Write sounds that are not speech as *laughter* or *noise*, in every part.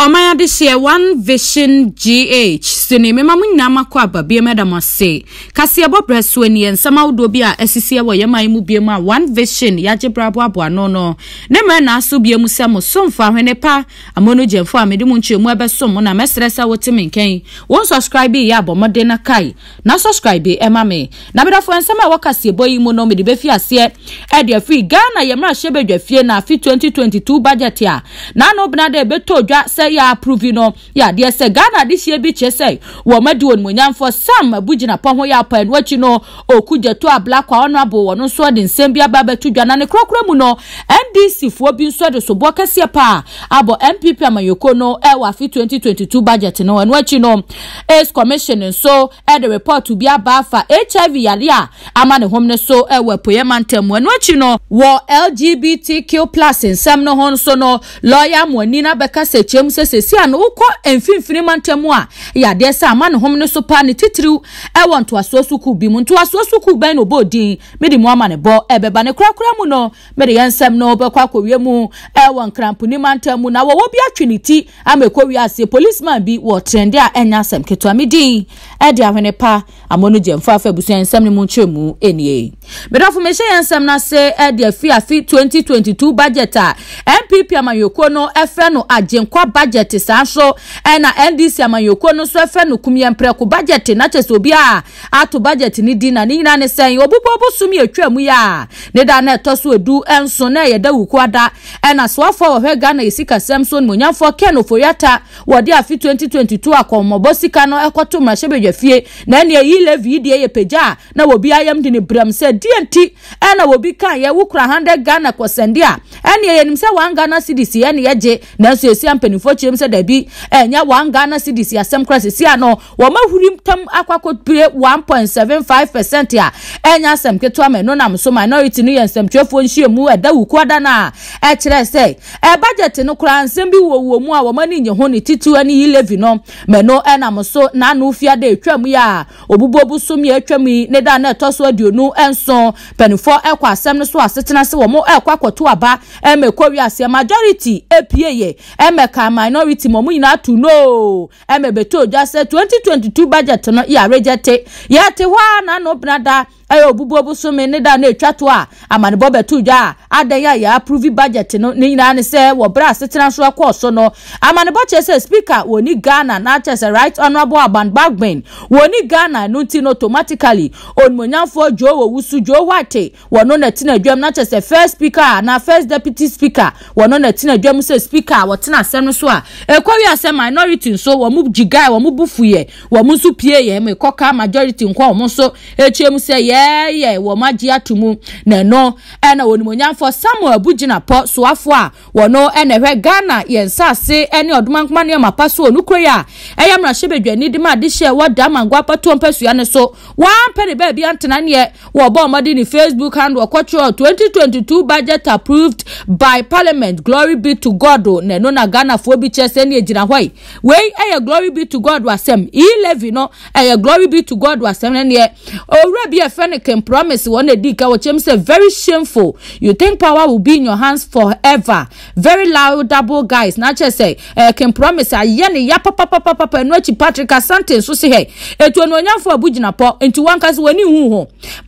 ɔman adehyeɛ one vision gh so ne mmɛma mu nyinaa makɔ aba bia mɛda mo ase kaseɛbɔ brɛ so ani nsɛm ahodoɔ bi a asisi wɔ yɛn mu bia a one vision yɛagye bra aboaboa ano no ne mmerɛ na aso bia mu sɛ mo so mfa ahwene pa amono gyɛmfo a mede mu nkyɛmu ɛbɛso mo na mɛsrɛ sɛ wote me nkɛn wɔn subscribe yɛ abɔmmɔden na kae na subscribe ɛma eh, me na medafo nsɛm a ɛwɔ kaseɛbɔ yi mu no mede bɛfi aseɛ ɛde afiri ghana yɛmmerahyɛ badwafie na afi 2022 budget a naano bena dɛ ɛbɛtɔ dwa sɛ yɛ approve no yɛ adeɛ sɛ ghana de hyɛ bi kyerɛ sɛ wɔn adi wɔn monyamfoɔ sam abugyina pɔn ho yɛ apɔ ɛnu akyi no oku gyato ablakwa ɔno abo wɔn nso de nsɛm bi aba abɛto dwa na ne kurakura mu no ndc foɔ bi nso de soboɔ kɛseɛ paa abɔ npp amanyɔkuo no ɛwɔ afi 2022 budget no ɛnu akyi no ace commission nso ɛde report bi aba afa hiv yare a ama ne hom ne so ɛwɔ apoyɛ mantam mu ɛnu akyi no wɔ lgbtq plus nsɛm no ho nso no lɔya mɔni na bɛka sɛ kyɛm sɛ sɛ sɛsi a na wokɔ mfimfini mantam a yɛ sɛ ama ne hom no so paa ne titiriw ɛwɔ ntoasoɔ sukuu bi mu ntoasoɔ sukuu bɛn na ɔbɔ din mede mu ama ne bɔ ɛbɛba ne korakora mu no mede yɛn nsɛm no bɛkɔ akɔwie mu ɛwɔ nkramponi mantam mu na wɔwɔ bi atwe ne ti ama ɛkɔ wie policeman bi wɔ trɛnde a ɛnyɛ asɛm ketewa me din ɛde ahwene pa amono gyɛmfafa busu ensem ne mu nkyerɛ mu enie nie me mehyɛ yɛn na se e de afi afi 2022 budget a mpp amayoko no fɛ no agyenkwa budget saa e na ndc amayoko no nso fɛ no kumye kumyɛmprɛko budget na kyɛ sɛ obi a ato budget ni di na ne nyinaa ne sen obubɔ bosom yɛ etwa mu ya ne da na ɛtɔ so edu enso na ye da wuku ada e na soafoɔ wɔhwɛ ghana yɛ sika sɛm so nomonyamfoɔ ken ofoyata wɔde afi 2022 akɔmmɔbɔ sika no ɛkɔto mmarahyɛbadwa fie na ne ɛyi gye levi deɛ yɛ pagya na wobi ayam di ne brɛm sɛ deɛ nti ɛna obi ka yɛ wokura hundred ghana kɔsɛnde a ɛneɛ yɛnim sɛ wan ghana cedis ɛne yɛgye nanso ɛsi a mpanimfoɔ kyerɛm sɛ dabi ɛnyɛ wan ghana cedis asɛm kora sɛsi a no wɔma huri akwa kutpire 1.75 percent a ɛnyɛ asɛm ketewa ma ɛno nam so minority no yɛ nsɛmtwerɛfoɔ nhyiamu ɛda wukuɔ da e chile se e budget no kura nsɛm bi uwa mu a wɔma ne nye honi titu eni ye yi levi no meno ena mso nanu fia de atwa mu yɛ obu abubuo bu som yɛ atwam yi ne da na ɛtɔ so aduonu nson mpanimfoɔ ɛkɔ asɛm no so asetena se wɔn ɛkɔ akɔto aba ɛmɛ kɔ wi majority apue yɛ ɛmɛ ka minority ma wɔn nyinaa to no ɛmɛ bɛtɔ ogya sɛ twenty twenty two budget no yɛ aregyɛ te yɛ te hɔ a n'ano bena da ɛyɛ obubuo bosome ne da no etwa to a amanebɔ bɛto dwa a adan yɛ aprovi budget no ne nyinaa ne sɛ wɔbrɛ asetena so ɛkɔɔ so no amanebɔ kyerɛ sɛ speaker wɔ ni ghana n'akyɛ sɛ right honourable abanbagbin wɔ ni ghana no ti no automatically onimonyamfoɔ joe wɔ wusu joe wate wɔno na ti na adwam n'akyɛ sɛ first speaker na first deputy speaker wɔno na ti na adwam sɛ speaker a wɔtena asɛm no so a ekɔwi asɛ minority nso wɔn mu gyigae wɔn mu bufu yɛ wɔn nso pie yɛ mu ekɔka majority nkɔ wɔn nso ekyia mu sɛ yɛ ɛɛyɛ wɔ mo agye ato mu na ɛno ɛna wɔn nimonyamfo samuel bugyinapɔ soafo a wɔno ɛna ɛhwɛ ghana yɛn nsaase ɛne ɔdomankoma nneɛma pa so wɔn kuro yi a ɛyɛ mmarahyɛbadwani de ma ade hyɛ wɔ damango apatoɔ mpɛsua ne so wɔampɛ ne baabi antena neɛ wɔbɔ ɔmɔde ne facebook handle ɔkɔtwerɛ 2022 budget approved by parliament glory be to god o na ɛno na ghanafoɔ bi kyerɛ sɛ ne ɛgyina e hɔ yi wei ɛyɛ glory be to god wasɛm e levy no ɛyɛ glory be to god wasɛm ne neɛ owura bi ɛfɛ Can promise wɔn na edi ka wɔkyɛm sɛ very shameful you think power will be in your hands forever very laudable guys n'akyɛ sɛ eh, can promise ayɛ ne ya papapapapa ɛnu akyi Patrick Asante ah, nso si hɛ etu eh, onuonyamfo abu gyina pɔ nti wɔn ankasa wɔn ani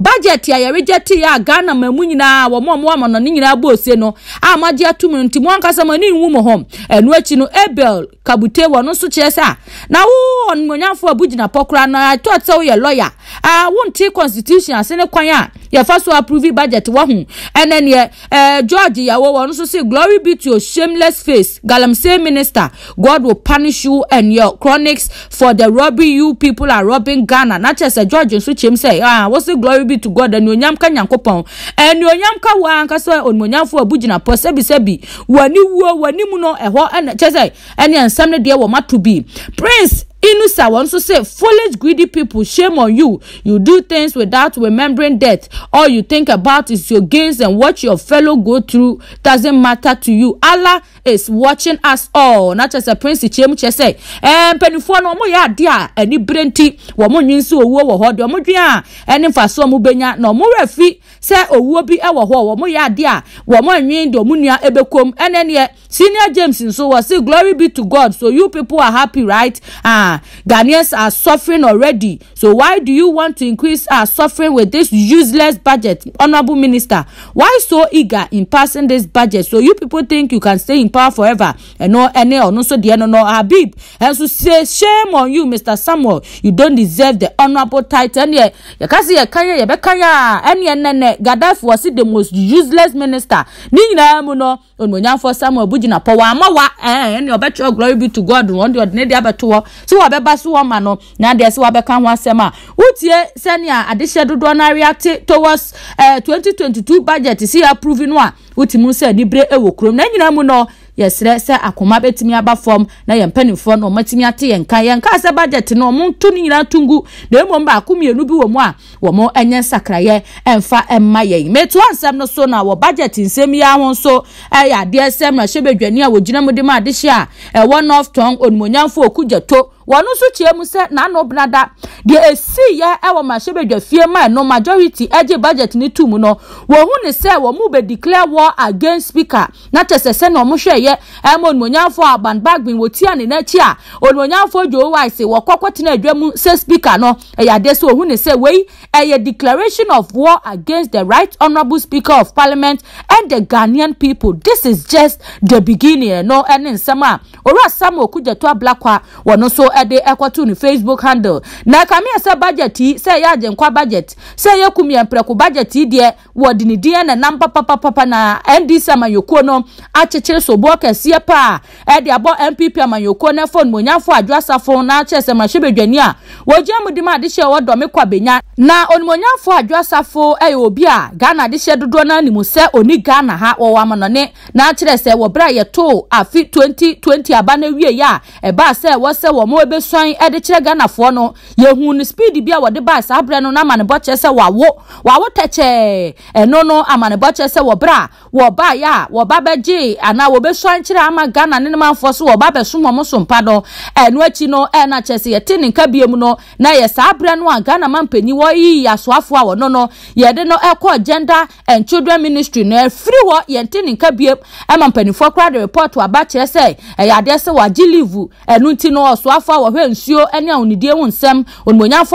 a yɛre gye ti a Ghana ma mu nyinaa wɔn a wɔn ama no ne nyinaa bɔ osie no a wɔn agye atum no nti wɔn ankasa wɔn ani hu mo hɔ ɛnu no Abel Kabute wɔn nso kyerɛ sɛ a na wɔn onuonyamfo abu gyina pɔ koraa na I thought sɛ wɔyɛ lawyer I ah, won't take constitution adesua ase ne kwan a yɛfa so approve budget wɔ ho ɛnɛ neɛ ɛɛ george yawo wɔn nso si glory be to your shameless face galamsey minister god will punish you and your chronics for the robbery you people are robbing ghana na kyerɛ sɛ george nso kyerɛ mu sɛ ah wɔsi glory be to god anuonyam ka nyankopɔn anuonyam ka wo ankasa onuonyamfo abu gyina pɔ sɛbisɛbi w'ani wuo w'ani mu no ɛhɔ ɛna kyerɛ sɛ ɛne nsɛm no deɛ wɔn ato bi prince Inusa also say foolish greedy people shame on you you do things without remembering death all you think about is your gains and what your fellow go through doesn't matter to you Allah is watching us all na kyerɛ sɛ prince kyerɛm kyerɛ sɛ ɛɛ mpanimfoɔ no wɔn yɛ adeɛ a ani bere nti wɔn nwi nso owuo wɔ hɔ deɛ wɔn dwi a ɛne mfasoɔ mu benya na wɔn wura fi sɛ owuo bi ɛwɔ hɔ wɔn yɛ adeɛ a wɔn nwi deɛ wɔn nua ɛbɛkɔm ɛna neɛ senior james nso wɔ si glory be to god so you people are happy right ah Ghanians are suffering already so why do you want to increase our suffering with this useless budget honourable minister why so eager in passing this budget so you people think you can stay in power forever ɛno ɛne ɔno nso deɛ no no habib ɛnso say shame on you mr samuel you don deserve the honourable title ɛneɛ yɛka se yɛka yɛ yɛbɛka yɛ a ɛneɛ nɛnɛ gaddafi wɔ se the most useless minister ne nyinaa mu no onimonyamfoɔ samuel bugyina pɔ wɔn ama wa ɛn ɛneɛ ɔbɛtwerɛ glory be to god wɔn deɛ ɔde ne deɛ abɛto hɔ so wɔbɛba so wɔn ma no na deɛ so wɔabɛka ho asɛm a wotie sɛnea adehyɛ dodoɔ no areate towards ɛɛ twenty twenty two budget si approve no a wotumi sɛ nibire ɛwɔ kurom na nyinaa mu no yɛsrɛ sɛ akoma bɛtumi aba fam na yɛn mpanimfoɔ no ɔmatumi ate yɛn ka yɛn kaa sɛ budget no ɔmo nto ne nyinaa to ngu na mmom baako mmienu bi wɔ mu a wɔn nyɛ nsakraeɛ ɛmfa ɛmma yɛn metu asɛm no so na wɔ budget nsɛm yi ahoɔ nso ɛyɛ adeɛ sɛm na hyɛ badwani a wɔgyina mu de mu adehyeɛ a ɛwɔ north tong onimonyamfo okugyato wɔn nso kyerɛ mu sɛ n'ano benada deɛ esi yɛ ɛwɔ mahyɛbadwa fie maa no majority ɛgye budget ne tu no wɔn ho ne sɛ wɔn mu bɛ declare war against speaker na kyɛ sɛ na wɔn hwɛ ayɛ ɛma onimonyamfoɔ aban bagbin wɔtia ne n'akyi a onimonyamfoɔ joe wise wɔkɔkɔ tena adwa mu sɛ speaker no ɛyɛ adeɛ sɛ ohun ne sɛ wei ɛyɛ declaration of war against the right honourable speaker of parliament and the ghanaian people this is just the beginning no ɛne nsɛm a owura samuel kujato ablakwa wɔn nso ɛde ɛkɔto ne facebook handle na kàmi ɛsɛ budget yi sɛ ɛyɛ agyenkwa budget sɛ ɛyɛ kumyɛmprɛko budget yi deɛ wɔde ne deɛ na nam papapapa na ndc amanyɔkuo no akyekyere soboɔ kɛseɛ paa ɛde abɔ npp amanyɔkuo no fo onimonyafo adwoasafo na akyerɛ sɛ mahyɛ badwani a wɔgyina mu de mu adehyɛ wɔ dɔme kwabenya na onimonyafo adwoasafo ɛyɛ obi a ghana adehyɛ dodoɔ no anim sɛ oni ghana ha wɔwɔ amanɔne na akyerɛ sɛ wɔbrɛ a yɛtoo afe 2020 aba no awie yɛ a ɛbaa sɛ ɛwɔ sɛ wɔn ɛbɛsuan ɛde kyerɛ ghanafoɔ no yɛhu no speed bi a wɔde baa saa berɛ no no ama kyerɛ sɛ wawo wawo tɛkyɛɛ ɛno no amanebɔ kyerɛ sɛ wɔbrɛ ya a wɔba bɛgye anaa ama ghana ne nomanfoɔ so wɔba bɛsom ɔmo so mpa no ɛno akyi no ɛna kyerɛ sɛ yɛte na yɛ saa berɛ no a ghana ma mpanin wɔyiyi asoafoɔ a wɔno no yɛde no ɛkɔ gender and children ministry no ɛfiri hɔ yɛnte ne nka biom ɛma de report kyerɛ sɛ ɛyɛ adeɛ sɛ wɔagye leave nsuo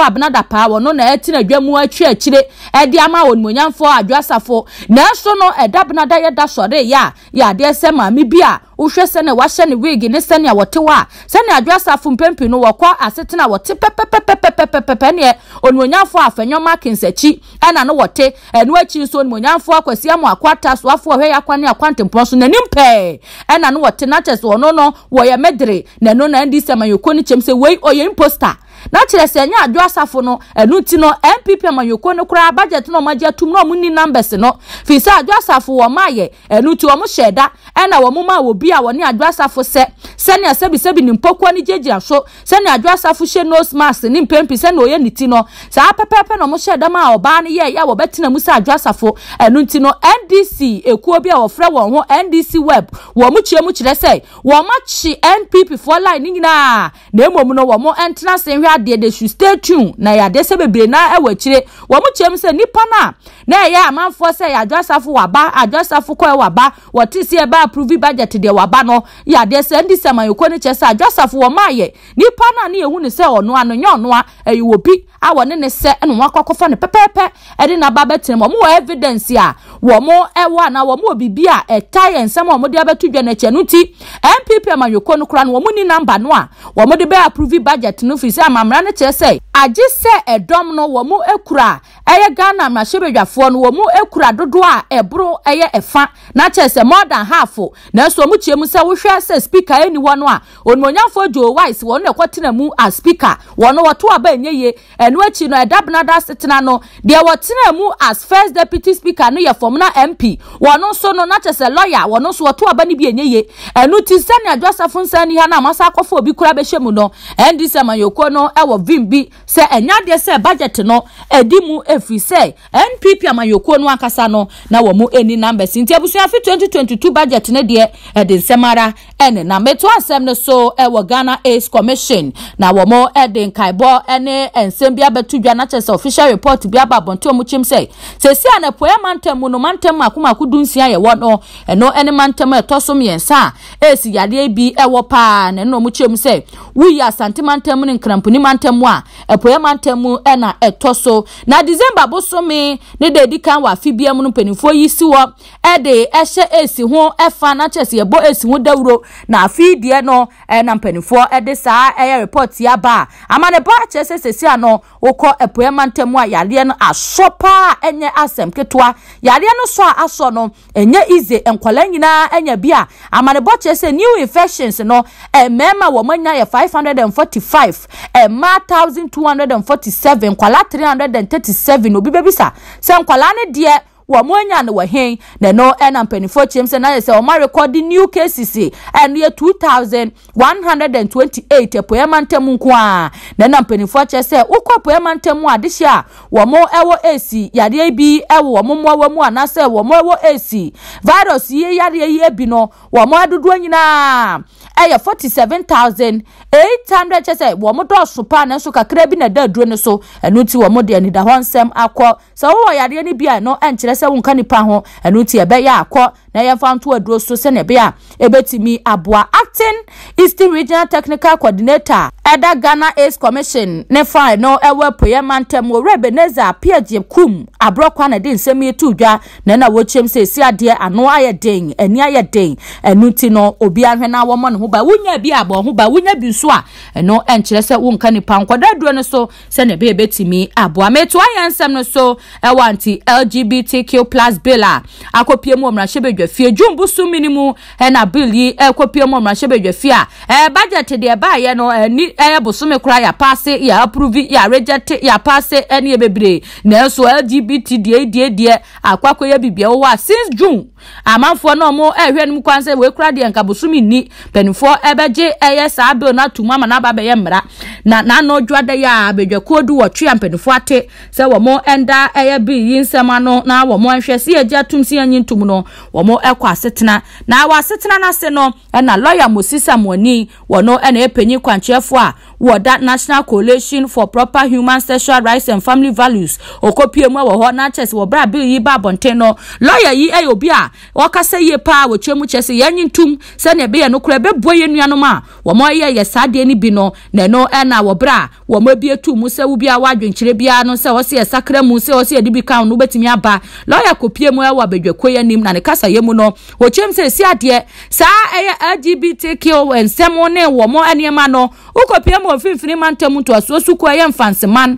na atwi akyire ɛde adwo asafo nanso no ɛda bena da yɛda sɔre yɛ a yɛ adeɛ sɛ maame bi a wohwɛ sɛnea wahyɛ ne wig ne sɛnea wɔte hɔ a sɛnea adwo asafo mpempem no wɔkɔ asetena a wɔte pɛpɛpɛpɛpɛpɛpɛ neɛ onuonyamfoɔ afɛnyɔma kensakyi ɛna no wɔte ɛno akyi nso onuonyamfoɔ akwasi amu akwata soafoɔ ɔhwɛ yɛ akwane akwantempɔn so n'anim pɛɛ ɛna no wɔte n'akyɛ so ɔno no wɔyɛ medere n'ano na ɛdi sɛ mayɔkɔ ne kyɛm sɛ wei ɔyɛ imposter na kyerɛ sɛ ɛnyɛ adwo asafo no ɛno nti no npp amanyɔkuo no koraa budget no ɔmagye atum na ɔmo ni numbers no firi sɛ adwo asafo wɔn ayɛ ɛno nti wɔn hyɛ da ɛna wɔn mu a obi a wɔne adwo asafo sɛ sɛnea sɛbisɛbi ne mpɔkua no gyegyina so sɛnea adwo asafo hyɛ nose mask ne mpempi sɛnea ɔyɛ ne ti no saa pɛpɛɛpɛ na wɔn hyɛ dam a ɔbaa no yɛɛyɛ a wɔbɛtena mu sɛ adwo asafo ɛno nti no ndc ekuo bi a wɔfrɛ wɔn ho ndc web wɔn mu kyerɛ mu kyerɛ sɛ wɔn akyi npp foɔ line ne nyinaa na emom no wɔn ntena se hwɛ ahwɛ adeɛ de su stay tune na yɛade sɛ bebree na ɛwɔ akyire wɔn mo kyerɛ mu sɛ nipa na na ɛyɛ amanfoɔ sɛ yɛadwasafo waba adwasafo kɔɛ waba wɔte si ɛbɛ approve budget deɛ waba no yɛadeɛ sɛ ndi sɛ mayoko ne kyɛ sɛ adwasafo wɔn ayɛ nipa na ne yɛhu ne sɛ ɔnoa no nyɛ ɔnoa ɛyɛ wɔ bi a wɔne ne sɛ ɛna wɔn akɔkɔfa ne pɛpɛɛpɛ ɛde n'aba bɛtena mu wɔn wɔ evidence a wɔn ɛwɔ anaa wɔn wɔ biribi a ɛta yɛ nsɛm a wɔn de abɛto dwa n'akyɛ no ti npp amanwoko no kora no wɔn ni namba no a wɔn de bɛ approve budget no fi sɛ am mmara no kyerɛ sɛ agye sɛ ɛdɔm no wɔn mu ekura ɛyɛ ghana mmarahyɛbadwafoɔ no wɔn mu ekura dodoɔ a ɛboro ɛyɛ ɛfa na kyerɛ sɛ more than half nanso wɔn kyerɛ mu sɛ wohwɛ sɛ speaker ɛni hɔ no a onimonyafo joe wise wɔn na ɛkɔtena mu as speaker wɔn wɔto aba enye yie ɛno akyi no ɛdabenada setena no deɛ wɔtena mu as first deputy speaker no yɛ fɔm na mp wɔn nso no na kyerɛ sɛ lawyer wɔn nso wɔto aba no bi enye yie ɛno ti sɛnea joseph nsɛn ni ha na amasa akɔfo obi kura bɛhyɛ mu no ndc amanyokuo no no ɛwɔ vim bi sɛ ɛnyɛ adeɛ sɛ budget no ɛdi mu efiri sɛ npp amanyɔkuo no ankasa no na wɔn mu numbers nti abusuafi twenty twenty two budget ne deɛ ɛde nsɛm ara ɛne na mɛto asɛm no so ɛwɔ ghana aids commission na wɔn ɛde nkaebɔ ɛne nsɛm bi abɛto dwa n'akyɛ sɛ official report bi aba abɔnten mu kyim sɛ sɛsi anapɔ ɛmantam mu no mantam akomako dunsia yɛ wɔ no ɛno ɛne mantam ɛtɔ so mmiɛnsa a yadeɛ bi ɛwɔ paa na ɛna wɔn kyerɛ sɛ wuyi asante mantam ne nkrampo mantam a ɛpoyɛ mantam mu ɛna e ɛtɔ so na december bosome ne deɛ edi kan wɔ afi bia mu no mpanimfoɔ yi si hɔ ɛde ɛhyɛ esi ho ɛfa n'akyɛse ɛbɔ esi ho dawuro na afi deɛ no ɛna mpanimfoɔ ɛde saa ɛyɛ report yi aba a amanebɔ akyerɛ sɛ sɛsi ano wokɔ ɛpoyɛ mantam mu a yareɛ no asɔ paa ɛnyɛ asɛm ketewa yareɛ no sɔ a asɔ no ɛnyɛ ize nkɔla nyinaa ɛnya bi a amanebɔ kyerɛ sɛ new infections no ɛmɛɛma e wɔn anya yɛ five hundred and forty five e mmaa thousand two hundred and forty seven nkwalaa three hundred and thirty seven obi bɛbi sa sɛ nkwalaa ne deɛ wɔn anya no wɔ hen na no ɛna e mpanyinfoɔ kyerɛm sɛ n'ayɛ sɛ wɔn arekɔdi new cases ɛno e, yɛ two thousand one hundred and twenty eight apoyɛma e ntam nko a na ɛna mpanyinfoɔ kyerɛ sɛ wokɔ apoyɛma ntam a adehyɛ a wɔn ɛwɔ esi yadeɛ bi ɛwɔ wɔn mmoawa mu anaasɛ wɔn ɛwɔ esi virus yie yadeɛ yie bi no wɔn adodoɔ nyinaa ɛyɛ forty seven thousand eight hundred kyerɛ sɛ wɔn dɔɔso paa nanso kakra bi na ɛda aduro no so ɛno ti wɔn de anidahɔ nsɛm akɔ sɛ wɔwɔ yadeɛ no bi a ɛno ɛnkyerɛ sɛ wonka nipa ho ɛno nti ɛbɛyɛ akɔ na yɛmfa nto aduro so sɛnea ɛbɛyɛ a ɛbɛtumi aboa acting eastern regional technical coordinator ɛda ghana aids commission ne fae no ɛwɔ apueɛ mantam wɔ rebeneza piagye kum aborɔkwa na de nsɛm yi to dwa na na wɔkyɛm sɛ esi adeɛ ano ayɛ den ani ayɛ den ɛnu ti no obi ahwɛ na wɔmɔ ne ho ba wunya bi abɔ ho ba wunya bi nso a ɛno ɛnkyerɛ sɛ wonka nipa nkɔda aduro no so sɛnea ɛbɛyɛ ɛbɛtumi aboa metoa yɛn nsɛm no so ɛwɔ anti lgbtq plus bill a akɔpie mu ɔmrahyɛ badwa badwadwafie dwom bosumi no mu ɛna bill yi ɛkɔpie mu mmarahyɛ badwafie a ɛɛ budget deɛ baayɛ no ɛni ɛyɛ bosome koraa yɛapaase yɛaprovi yɛaregyɛte yɛapaase ɛne yɛ bebree nanso lgbt deɛ deɛ deɛ akɔakɔ yɛ bibia wɔ a since june amanfoɔ no ɔmo ɛhwɛ no mu kwan sɛ wɔkura deɛ nka bosome ni mpanimfoɔ ɛbɛgye ɛyɛ saa bill no ato mu ama n'aba bɛyɛ mmara na n'ano dwa da yɛ a badwakuo du wɔtwe a mpanimfoɔ ate sɛ wɔn ɛnda ɛyɛ bill yi nsɛm ano na wɔn ahwɛ si yɛgye atum si yɛnyi ntum no wɔn no ɛkɔ asetena na wɔ asetena n'ase no ɛna lɔya moses amoni wɔ no ɛna epanyin kwankyerɛfoɔ a wɔ that national coalition for proper human sexual rights and family values okopiemu wɔ hɔ n'akyɛse wɔ bere bill yi ba abɔnten no lɔya yi ɛyɛ obi a wɔkasa yie paa wɔtwa mu kyɛ sɛ yɛn nye ntum sɛnea ɛbɛyɛ no kora ɛbɛbua yɛn nuanom a wɔn yɛ yɛ saa deɛ no bi no na ɛno ɛna e wɔ bere a wɔn ebi etu mu sɛ wubi a wadwenkyerɛ biara no sɛ wɔsi ɛsakra mu sɛ wɔsi ɛde kan no wobɛtumi aba lɔya kopiemu ɛwɔ e abadwako yɛ nim na ne kasa yɛ mu no wɔtwa mu sɛ esi adeɛ saa ɛyɛ e lgbtq nsɛm ne wɔn nneɛma no wokopiem mu ɔfinfini mantam ntoasoɔ so kɔ yɛ mfanseman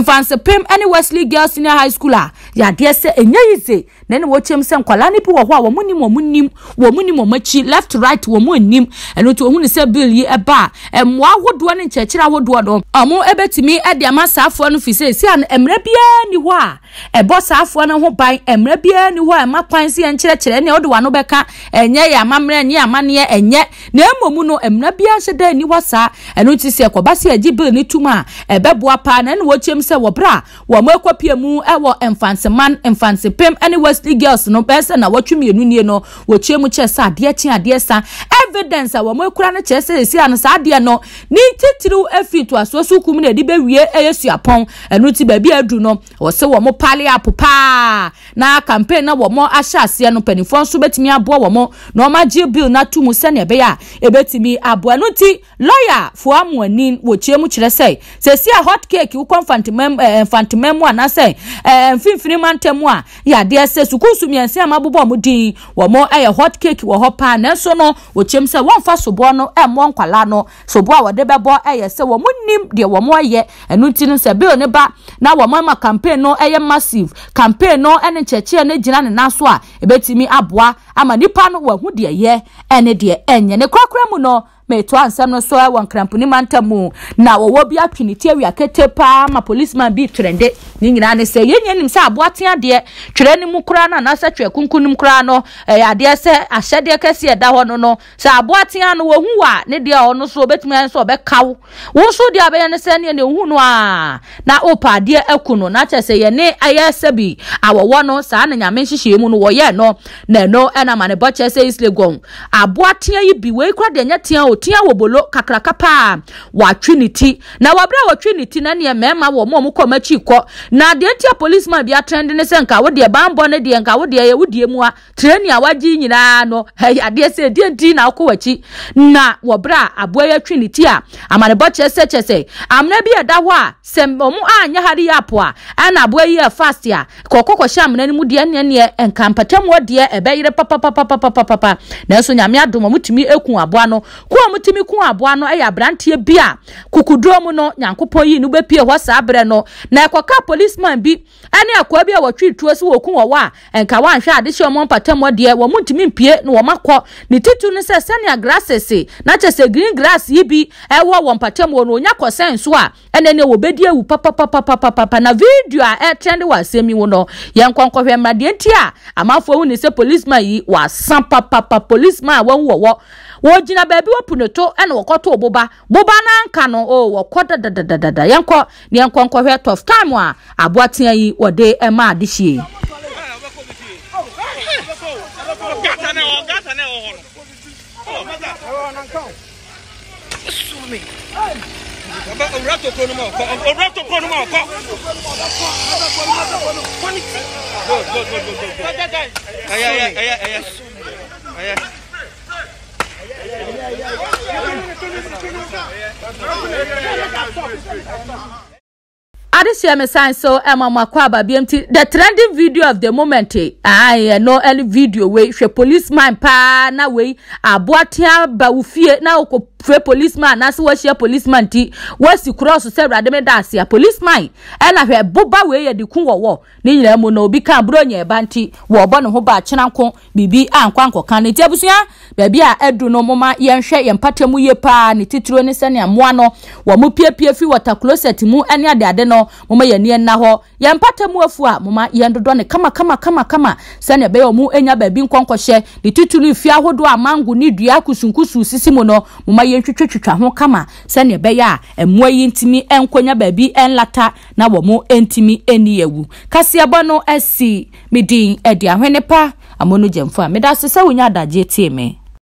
mfansepem ne wesley girls senior high school a yadeɛ sɛ ɛnyɛ yi se na ɛna wɔkyɛm sɛ nkwadaa no bi wɔ hɔ a wɔn nim wɔn nim wɔn nim wɔn akyi left right wɔn nim ɛno nti ohun sɛ bill yi ɛba a mmoa ahodoɔ ne nkyɛnkyerɛ ahodoɔ no ɔmo ɛbɛtumi ɛde ama saafoɔ no fi sɛ esi ano mmerɛ biara ni hɔ a ɛbɔ saafoɔ no ho ban mmerɛ biara ni hɔ a ɛma kwan si nkyerɛkyerɛ ɛnna ɔde wɔn ano bɛka ɛnyɛ yɛ amammerɛ ɛnyɛ amaneɛ ɛnyɛ na emom no mmerɛ biara hyɛ dɛ ni hɔ saa ɛno nti sɛ kɔba si agye bill ne tum a ɛbɛboa paa na ɛna wɔkyɛm sɛ wɔ bra wɔn akɔpie mu ɛwɔ mfanseman mfansepem ɛne wɔ university girls no pɛsɛ na wɔtwe mmienu nie no wɔkyia mu kyerɛ sɛ adeɛ kye adeɛ sa evidence a wɔn ekura eh, no kyerɛ sɛ esi ano saa adeɛ no ne titiriw efiri to aso so kum na yɛde bɛwie ɛyɛ suapɔn ɛno ti baabi adu no wɔsɛ wɔn pali apo ah, paa na campaign na wɔn ahyɛ aseɛ no mpanimfoɔ nso bɛtumi aboa wɔn na wɔn agye bill n'ato mu sɛnea ɛbɛyɛ a ebɛtumi aboa no ti lɔya foa mu ani wɔkyia mu kyerɛ sɛ sɛsi a hot cake wokɔ mfantemam ɛɛ eh, mfantemam mu eh, anaasɛ ɛɛ mfimfini mantam mu a yɛ adeɛ sɛ sɛ sukuu so mmiɛnsa a mabobɔ ɔmo din wɔn yɛ hot cake wɔ hɔ paa nanso no wɔkyɛm sɛ wɔnfa soboɔ no ɛmmɔ nkwalaa no soboɔ a wɔde bɛbɔ ɛyɛ sɛ wɔn nim deɛ wɔn yɛ ɛnu ti no sɛ bill ne ba na wɔn ama campaign no ɛyɛ massive campaign no ɛne nkyɛkyɛ no gyina ne nan so a ebɛtumi aboa ama nipa no wɔn ho deɛ yɛ ɛne deɛ ɛnyɛ ne kɔkora mu no metoa nsɛm no so wɔ nkramponi mantam mu na wɔwɔ bi atwi ne ti awia kete paa ma policeman bi twerɛnde ne nyinaa ne sɛ yɛn nyɛ nim sɛ aboate adeɛ twerɛ ne mu koraa no anaasɛ twerɛ kunkun mu koraa no ɛyɛ adeɛ sɛ ahyɛdeɛ kɛseɛ ɛda hɔ no no sɛ aboate no wɔn hu ne deɛ so obetumi ayɛ nso deɛ abɛyɛ ne sɛ neɛ no na opa adeɛ na sɛ na nyame tia wobolo kakraka pa wa trinity na wabrɛ a wɔtwe ne na ne mema wo mo a mokɔ ko na de tia police ma bia trend ne se nka wo wodeɛ bambɔ ne de nka wo wodeɛ yɛ wodie mu a treni a wagye nyina no *laughs* ɛyɛ adeɛ se de ndi na wokɔ w'akyi na wɔbrɛ a aboa yi atwe ne ti a amanebɔ kyerɛ sɛ kyerɛ sɛ amena bi ɛda hɔ a sɛ ɔmo anyɛ hare ya apo a ɛna aboa yi yɛ fast a kɔkɔ kɔhyɛ amena no mu de deɛ neɛ neɛ nka mpatamu deɛ ɛbɛyere na so nyame adomo mutimi eku ku aboa no kɔ a timi ko aboa no yɛ aberanteɛ bi a kukuduro mu no nyankopɔn yi no bɛpie hɔ saa berɛ no na ɛkɔka policeman bi ne akoa bi a wɔtwe tuo so wɔku wɔwɔ a nka wɔanhwɛ ade hyɛ wɔn mpatamɔ deɛ wɔn ntumi mpie na wɔn akɔ ne titu no sɛ sɛnea grasses e, na kyɛ sɛ green grass yi bi ɛwɔ wɔn mpatamɔ no onya kɔsɛn so a ɛnɛ ne wɔbɛdi awu papapapapapa na video a ɛtrend wɔ asɛm yi mu no yɛn nkɔnkɔhwɛ mmadeɛ nti a amanfoɔ hu ne sɛ policeman yi wɔasa papapa policeman a wɔn wɔ wɔgyina baabi wɔpu ne to ɛna wɔkɔto boba boba nanka no o wɔkɔ dadadadada yɛnkɔ ne yɛnkɔ nkɔhwɛ tough time a aboatea yi wɔde ɛma adehyeɛ owura toko numu ọkọ owura toko adesiame sign so ɛma eh, mo akɔ aba bi nti the trending video of the moment eh, ayɛ ah, eh, no ɛne video wei hwɛ police man paa na wei aboatea ba wo fie na okɔ fue policeman na se wɔhyia policeman ti wɔsi kura cross, sɛ awurade mi da a policeman ɛna hwɛ boba wei yɛ de ku wɔwɔ ne nyinaa mu na obi kan aburo nyɛ ɛba nti wɔɔbɔ ne ho ba akyena nko biribi ankɔ ankɔka ne ti abusua beebi a ɛdu no mo ma yɛnhwɛ yɛn mpata mu yie paa ne titiro ne sɛnea mmoa no wɔn mo piepie fi wɔta closet mu ɛne adeade no mo ma yɛn ni ɛna yɛn mpata mu afu a moma yɛn dodɔ ne kama kama kama kama sɛnea ɛbɛyɛ ɔmo enya baabi nkɔnkɔhyɛ ne titiri fi ahodoɔ a mango ne dua kusunkusu sisi mu no moma yɛn twitwitwitwa ho kama sɛnea ɛbɛyɛ a mmoa yi ntumi nkɔnya baabi nlata na wɔn ntumi ni ewu kaseɛbɔ no asi me din ahwene pa amono gyɛmfo a meda so sɛ wonya adagye tie me.